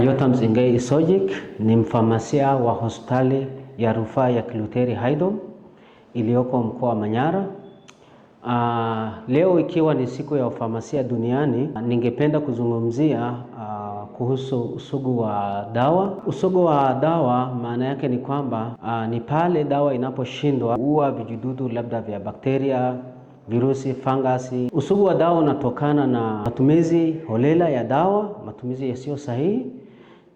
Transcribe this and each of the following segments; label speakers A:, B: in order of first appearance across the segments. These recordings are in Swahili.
A: Yotham Nzingai Isojik ni mfamasia wa hospitali ya rufaa ya Kiluteri Haydom iliyoko mkoa wa Manyara. Ah, leo ikiwa ni siku ya ufamasia duniani, ningependa kuzungumzia ah, kuhusu usugu wa dawa. Usugu wa dawa maana yake ni kwamba ah, ni pale dawa inaposhindwa kuua vijidudu labda vya bakteria, virusi, fangasi. Usugu wa dawa unatokana na matumizi holela ya dawa, matumizi yasiyo sahihi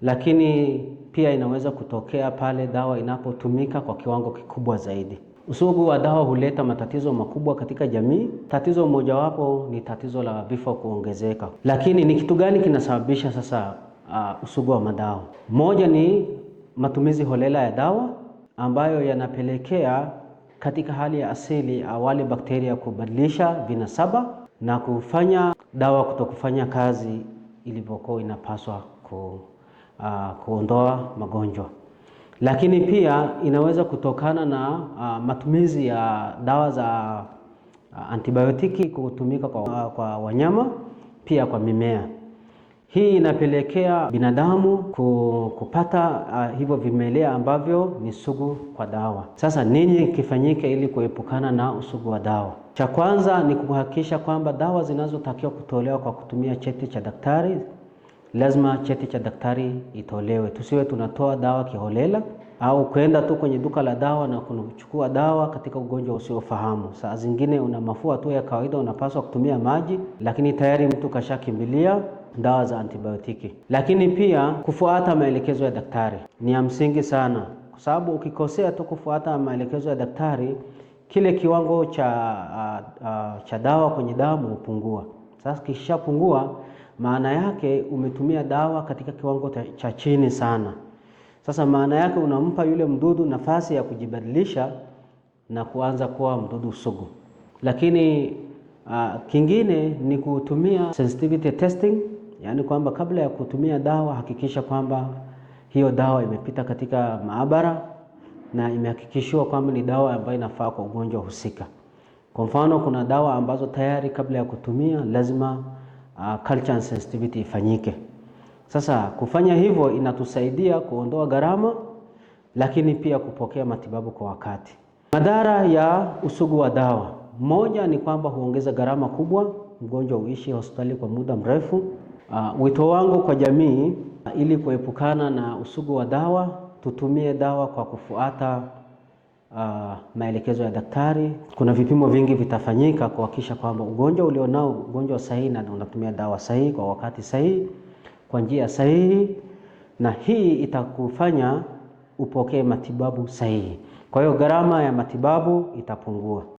A: lakini pia inaweza kutokea pale dawa inapotumika kwa kiwango kikubwa zaidi. Usugu wa dawa huleta matatizo makubwa katika jamii. Tatizo mojawapo ni tatizo la vifo kuongezeka. Lakini ni kitu gani kinasababisha sasa uh, usugu wa madawa? Moja ni matumizi holela ya dawa ambayo yanapelekea katika hali ya asili awali bakteria kubadilisha vinasaba na kufanya dawa kutokufanya kazi ilivyokuwa inapaswa ku uh, kuondoa magonjwa, lakini pia inaweza kutokana na uh, matumizi ya dawa za uh, antibiotiki kutumika kwa, uh, kwa wanyama pia kwa mimea. Hii inapelekea binadamu kupata uh, hivyo vimelea ambavyo ni sugu kwa dawa. Sasa nini kifanyike ili kuepukana na usugu wa dawa? Cha kwanza ni kuhakikisha kwamba dawa zinazotakiwa kutolewa kwa kutumia cheti cha daktari lazima cheti cha daktari itolewe. Tusiwe tunatoa dawa kiholela au kwenda tu kwenye duka la dawa na kuchukua dawa katika ugonjwa usiofahamu. Saa zingine una mafua tu ya kawaida, unapaswa kutumia maji, lakini tayari mtu kashakimbilia dawa za antibiotiki. Lakini pia kufuata maelekezo ya daktari ni ya msingi sana, kwa sababu ukikosea tu kufuata maelekezo ya daktari, kile kiwango cha, uh, uh, cha dawa kwenye damu hupungua. Sasa kishapungua maana yake umetumia dawa katika kiwango cha chini sana. Sasa maana yake unampa yule mdudu nafasi ya kujibadilisha na kuanza kuwa mdudu sugu. Lakini uh, kingine ni kutumia sensitivity testing, yaani kwamba kabla ya kutumia dawa hakikisha kwamba hiyo dawa imepita katika maabara na imehakikishiwa kwamba ni dawa ambayo inafaa kwa ugonjwa husika. Kwa mfano, kuna dawa ambazo tayari kabla ya kutumia lazima uh, culture sensitivity ifanyike. Sasa kufanya hivyo inatusaidia kuondoa gharama, lakini pia kupokea matibabu kwa wakati. Madhara ya usugu wa dawa, moja ni kwamba huongeza gharama kubwa, mgonjwa huishi hospitali kwa muda mrefu. Uh, wito wangu kwa jamii, uh, ili kuepukana na usugu wa dawa, tutumie dawa kwa kufuata uh, maelekezo ya daktari. Kuna vipimo vingi vitafanyika kuhakikisha kwamba ugonjwa ulionao ugonjwa sahihi na unatumia dawa sahihi kwa wakati sahihi kwa njia sahihi, na hii itakufanya upokee matibabu sahihi. Kwa hiyo gharama ya matibabu itapungua.